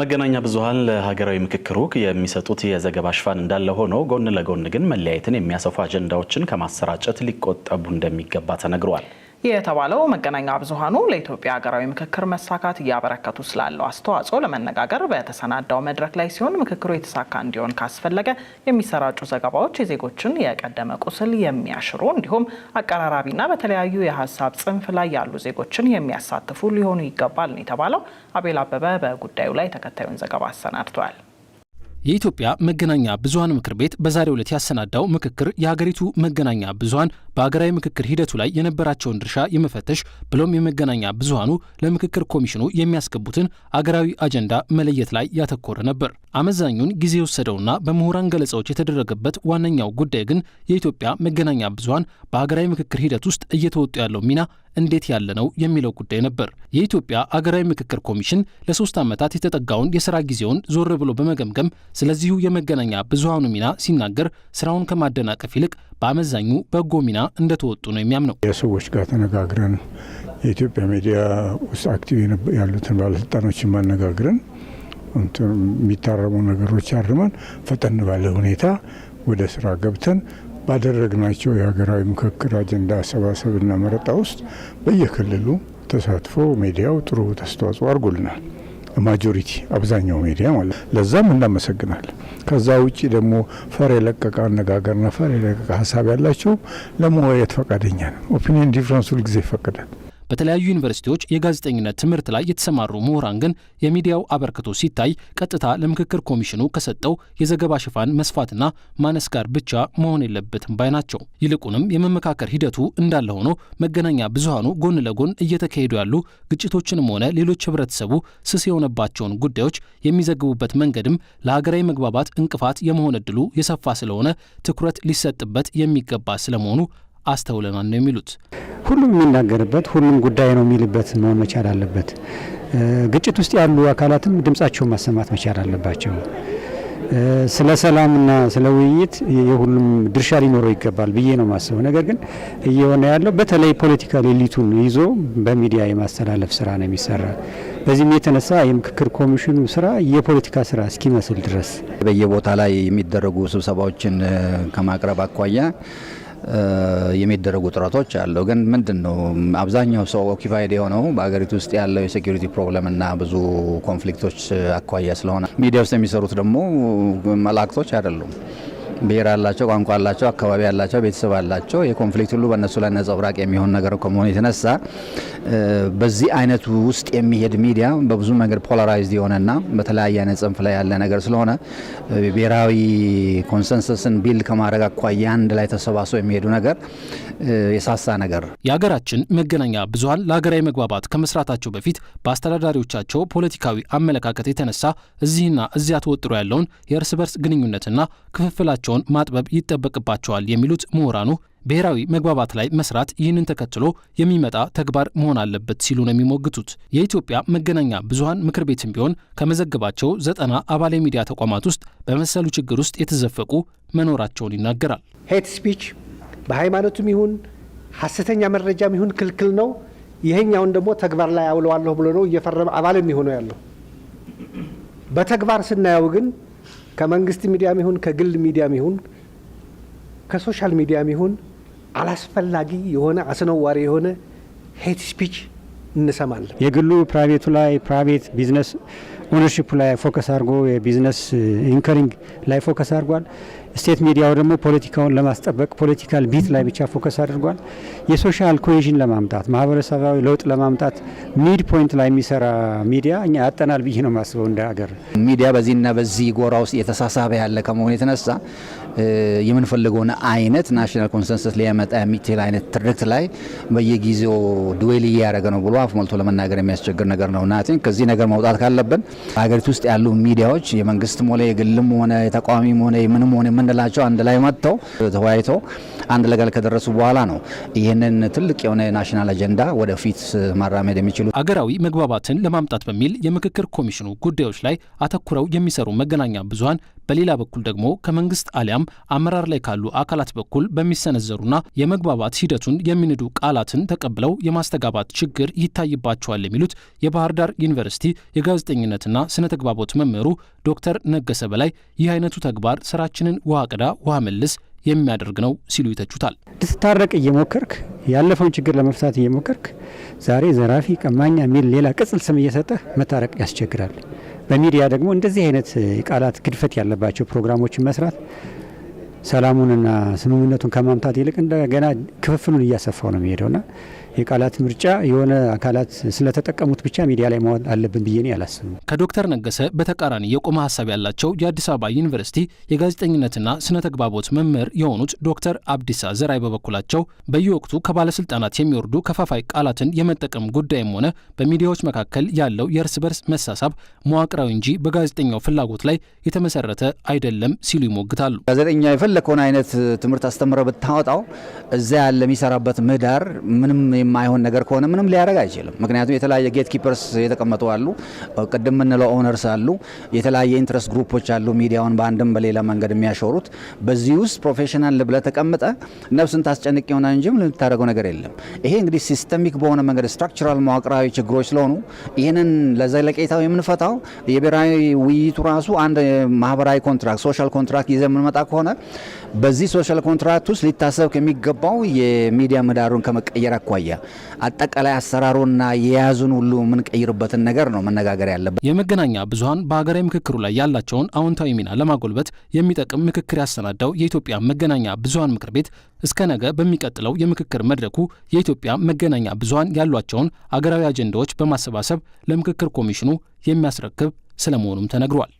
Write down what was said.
መገናኛ ብዙሃን ለሀገራዊ ምክክሩ የሚሰጡት የዘገባ ሽፋን እንዳለ ሆኖ ጎን ለጎን ግን መለያየትን የሚያሰፉ አጀንዳዎችን ከማሰራጨት ሊቆጠቡ እንደሚገባ ተነግሯል። የተባለው መገናኛ ብዙሃኑ ለኢትዮጵያ ሀገራዊ ምክክር መሳካት እያበረከቱ ስላለው አስተዋጽኦ ለመነጋገር በተሰናዳው መድረክ ላይ ሲሆን ምክክሩ የተሳካ እንዲሆን ካስፈለገ የሚሰራጩ ዘገባዎች የዜጎችን የቀደመ ቁስል የሚያሽሩ እንዲሁም አቀራራቢና በተለያዩ የሀሳብ ጽንፍ ላይ ያሉ ዜጎችን የሚያሳትፉ ሊሆኑ ይገባል ነው የተባለው። አቤል አበበ በጉዳዩ ላይ ተከታዩን ዘገባ አሰናድቷል። የኢትዮጵያ መገናኛ ብዙሀን ምክር ቤት በዛሬው ዕለት ያሰናዳው ምክክር የሀገሪቱ መገናኛ ብዙሀን በሀገራዊ ምክክር ሂደቱ ላይ የነበራቸውን ድርሻ የመፈተሽ ብሎም የመገናኛ ብዙሀኑ ለምክክር ኮሚሽኑ የሚያስገቡትን አገራዊ አጀንዳ መለየት ላይ ያተኮረ ነበር። አመዛኙን ጊዜ የወሰደውና በምሁራን ገለጻዎች የተደረገበት ዋነኛው ጉዳይ ግን የኢትዮጵያ መገናኛ ብዙሀን በሀገራዊ ምክክር ሂደት ውስጥ እየተወጡ ያለው ሚና እንዴት ያለ ነው የሚለው ጉዳይ ነበር። የኢትዮጵያ አገራዊ ምክክር ኮሚሽን ለሶስት ዓመታት የተጠጋውን የስራ ጊዜውን ዞር ብሎ በመገምገም ስለዚሁ የመገናኛ ብዙሃኑ ሚና ሲናገር ስራውን ከማደናቀፍ ይልቅ በአመዛኙ በጎ ሚና እንደተወጡ ነው የሚያምነው። የሰዎች ጋር ተነጋግረን የኢትዮጵያ ሚዲያ ውስጥ አክቲቭ ያሉትን ባለስልጣኖችን ማነጋግረን የሚታረሙ ነገሮች አርመን ፈጠን ባለ ሁኔታ ወደ ስራ ገብተን ባደረግናቸው የሀገራዊ ምክክር አጀንዳ አሰባሰብና መረጣ ውስጥ በየክልሉ ተሳትፎ ሚዲያው ጥሩ ተስተዋጽኦ አድርጎልናል። ማጆሪቲ አብዛኛው ሚዲያ ማለት ለዛም እናመሰግናል። ከዛ ውጭ ደግሞ ፈር የለቀቀ አነጋገርና ፈር የለቀቀ ሀሳብ ያላቸው ለመወያየት ፈቃደኛ ነው። ኦፒኒየን ዲፍረንስ ሁልጊዜ ይፈቅዳል። በተለያዩ ዩኒቨርሲቲዎች የጋዜጠኝነት ትምህርት ላይ የተሰማሩ ምሁራን ግን የሚዲያው አበርክቶ ሲታይ ቀጥታ ለምክክር ኮሚሽኑ ከሰጠው የዘገባ ሽፋን መስፋትና ማነስ ጋር ብቻ መሆን የለበትም ባይ ናቸው። ይልቁንም የመመካከር ሂደቱ እንዳለ ሆኖ መገናኛ ብዙሃኑ ጎን ለጎን እየተካሄዱ ያሉ ግጭቶችንም ሆነ ሌሎች ህብረተሰቡ ስስ የሆነባቸውን ጉዳዮች የሚዘግቡበት መንገድም ለሀገራዊ መግባባት እንቅፋት የመሆን እድሉ የሰፋ ስለሆነ ትኩረት ሊሰጥበት የሚገባ ስለመሆኑ አስተውለናል ነው የሚሉት። ሁሉም የሚናገርበት ሁሉም ጉዳይ ነው የሚልበት መሆን መቻል አለበት። ግጭት ውስጥ ያሉ አካላትም ድምጻቸውን ማሰማት መቻል አለባቸው። ስለ ሰላምና ስለ ውይይት የሁሉም ድርሻ ሊኖረው ይገባል ብዬ ነው ማስበው። ነገር ግን እየሆነ ያለው በተለይ ፖለቲካል ኤሊቱን ይዞ በሚዲያ የማስተላለፍ ስራ ነው የሚሰራ። በዚህም የተነሳ የምክክር ኮሚሽኑ ስራ የፖለቲካ ስራ እስኪመስል ድረስ በየቦታ ላይ የሚደረጉ ስብሰባዎችን ከማቅረብ አኳያ የሚደረጉ ጥረቶች አለ ግን ምንድን ነው አብዛኛው ሰው ኦኪፋይድ የሆነው በሀገሪቱ ውስጥ ያለው የሴኩሪቲ ፕሮብለም እና ብዙ ኮንፍሊክቶች አኳያ ስለሆነ ሚዲያ ውስጥ የሚሰሩት ደግሞ መላእክቶች አይደሉም። ብሔር አላቸው፣ ቋንቋ አላቸው፣ አካባቢ አላቸው፣ ቤተሰብ አላቸው። የኮንፍሊክት ሁሉ በእነሱ ላይ ነጸብራቅ የሚሆን ነገር ከመሆኑ የተነሳ በዚህ አይነቱ ውስጥ የሚሄድ ሚዲያ በብዙ መንገድ ፖላራይዝድ የሆነና በተለያየ አይነት ጽንፍ ላይ ያለ ነገር ስለሆነ ብሔራዊ ኮንሰንሰስን ቢልድ ከማድረግ አኳያ አንድ ላይ ተሰባስበው የሚሄዱ ነገር የሳሳ ነገር። የሀገራችን መገናኛ ብዙሀን ለሀገራዊ መግባባት ከመስራታቸው በፊት በአስተዳዳሪዎቻቸው ፖለቲካዊ አመለካከት የተነሳ እዚህና እዚያ ተወጥሮ ያለውን የእርስ በርስ ግንኙነትና ክፍፍላቸውን ማጥበብ ይጠበቅባቸዋል የሚሉት ምሁራኑ ብሔራዊ መግባባት ላይ መስራት ይህንን ተከትሎ የሚመጣ ተግባር መሆን አለበት ሲሉ ነው የሚሞግቱት። የኢትዮጵያ መገናኛ ብዙሀን ምክር ቤትም ቢሆን ከመዘገባቸው ዘጠና አባል የሚዲያ ተቋማት ውስጥ በመሰሉ ችግር ውስጥ የተዘፈቁ መኖራቸውን ይናገራል። ሄት ስፒች በሃይማኖትም ይሁን ሀሰተኛ መረጃም ይሁን ክልክል ነው። ይሄኛውን ደግሞ ተግባር ላይ አውለዋለሁ ብሎ ነው እየፈረመ አባል የሚሆነው ያለው። በተግባር ስናየው ግን ከመንግስት ሚዲያም ይሁን ከግል ሚዲያም ይሁን ከሶሻል ሚዲያም ይሁን አላስፈላጊ የሆነ አስነዋሪ የሆነ ሄት ስፒች እንሰማለን። የግሉ ፕራይቬቱ ላይ ፕራይቬት ቢዝነስ ኦነርሽፕ ላይ ፎከስ አድርጎ የቢዝነስ ኢንከሪንግ uh, ላይ ፎከስ አድርጓል። ስቴት ሚዲያው ደግሞ ፖለቲካውን ለማስጠበቅ ፖለቲካል ቢት ላይ ብቻ ፎከስ አድርጓል። የሶሻል ኮሄዥን ለማምጣት ማህበረሰባዊ ለውጥ ለማምጣት ሚድ ፖይንት ላይ የሚሰራ ሚዲያ እኛ ያጠናል ብዬ ነው የማስበው። እንደ ሀገር ሚዲያ በዚህና በዚህ ጎራ ውስጥ የተሳሳበ ያለ ከመሆኑ የተነሳ uh, የምንፈልገውን አይነት ናሽናል ኮንሰንሰስ ሊያመጣ የሚችል አይነት ትርክት ላይ በየጊዜው ድዌል እያደረገ ነው ብሎ አፍ ሞልቶ ለመናገር የሚያስቸግር ነገር ነው። ናቲን ከዚህ ነገር መውጣት ካለብን ሀገሪቱ ውስጥ ያሉ ሚዲያዎች የመንግስትም ሆነ የግልም ሆነ የተቃዋሚም ሆነ የምንም ሆነ የምንላቸው አንድ ላይ መጥተው ተወያይተው አንድ ለጋል ከደረሱ በኋላ ነው ይህንን ትልቅ የሆነ ናሽናል አጀንዳ ወደፊት ማራመድ የሚችሉ አገራዊ መግባባትን ለማምጣት በሚል የምክክር ኮሚሽኑ ጉዳዮች ላይ አተኩረው የሚሰሩ መገናኛ ብዙሃን በሌላ በኩል ደግሞ ከመንግስት አሊያም አመራር ላይ ካሉ አካላት በኩል በሚሰነዘሩና የመግባባት ሂደቱን የሚንዱ ቃላትን ተቀብለው የማስተጋባት ችግር ይታይባቸዋል የሚሉት የባህር ዳር ዩኒቨርሲቲ የጋዜጠኝነት ጥናትና ስነ ተግባቦት መምህሩ ዶክተር ነገሰ በላይ ይህ አይነቱ ተግባር ስራችንን ውሃ ቅዳ ውሃ መልስ የሚያደርግ ነው ሲሉ ይተቹታል። ልትታረቅ እየሞከርክ ያለፈውን ችግር ለመፍታት እየሞከርክ ዛሬ ዘራፊ፣ ቀማኛ የሚል ሌላ ቅጽል ስም እየሰጠህ መታረቅ ያስቸግራል። በሚዲያ ደግሞ እንደዚህ አይነት ቃላት ግድፈት ያለባቸው ፕሮግራሞችን መስራት ሰላሙንና ስምምነቱን ከማምታት ይልቅ እንደገና ክፍፍሉን እያሰፋው ነው የሚሄደውና የቃላት ምርጫ የሆነ አካላት ስለተጠቀሙት ብቻ ሚዲያ ላይ መዋል አለብን ብዬ አላስብም። ከዶክተር ነገሰ በተቃራኒ የቆመ ሀሳብ ያላቸው የአዲስ አበባ ዩኒቨርሲቲ የጋዜጠኝነትና ስነ ተግባቦት መምህር የሆኑት ዶክተር አብዲሳ ዘራይ በበኩላቸው በየወቅቱ ከባለስልጣናት የሚወርዱ ከፋፋይ ቃላትን የመጠቀም ጉዳይም ሆነ በሚዲያዎች መካከል ያለው የእርስ በርስ መሳሳብ መዋቅራዊ እንጂ በጋዜጠኛው ፍላጎት ላይ የተመሰረተ አይደለም ሲሉ ይሞግታሉ። ጋዜጠኛ የፈለከውን አይነት ትምህርት አስተምረ ብታወጣው እዛ ያለ የሚሰራበት ምህዳር ምንም የማይሆን ነገር ከሆነ ምንም ሊያደርግ አይችልም። ምክንያቱም የተለያየ ጌት ኪፐርስ የተቀመጡ አሉ፣ ቅድም የምንለው ኦነርስ አሉ፣ የተለያየ ኢንትረስት ግሩፖች አሉ፣ ሚዲያውን በአንድም በሌላ መንገድ የሚያሾሩት። በዚህ ውስጥ ፕሮፌሽናል ብለህ ተቀምጠ ነፍስን ታስጨንቅ ይሆናል እንጂ ልታደረገው ነገር የለም። ይሄ እንግዲህ ሲስተሚክ በሆነ መንገድ ስትራክቸራል መዋቅራዊ ችግሮች ስለሆኑ ይህንን ለዘለቄታው የምንፈታው የብሔራዊ ውይይቱ ራሱ አንድ ማህበራዊ ኮንትራክት ሶሻል ኮንትራክት ይዘ የምንመጣ ከሆነ በዚህ ሶሻል ኮንትራክት ውስጥ ሊታሰብ ከሚገባው የሚዲያ ምህዳሩን ከመቀየር አኳያ አጠቃላይ አሰራሩና የያዙን ሁሉ የምንቀይርበትን ነገር ነው መነጋገር ያለበት። የመገናኛ ብዙኃን በሀገራዊ ምክክሩ ላይ ያላቸውን አዎንታዊ ሚና ለማጎልበት የሚጠቅም ምክክር ያሰናዳው የኢትዮጵያ መገናኛ ብዙኃን ምክር ቤት እስከ ነገ በሚቀጥለው የምክክር መድረኩ የኢትዮጵያ መገናኛ ብዙኃን ያሏቸውን አገራዊ አጀንዳዎች በማሰባሰብ ለምክክር ኮሚሽኑ የሚያስረክብ ስለመሆኑም ተነግሯል።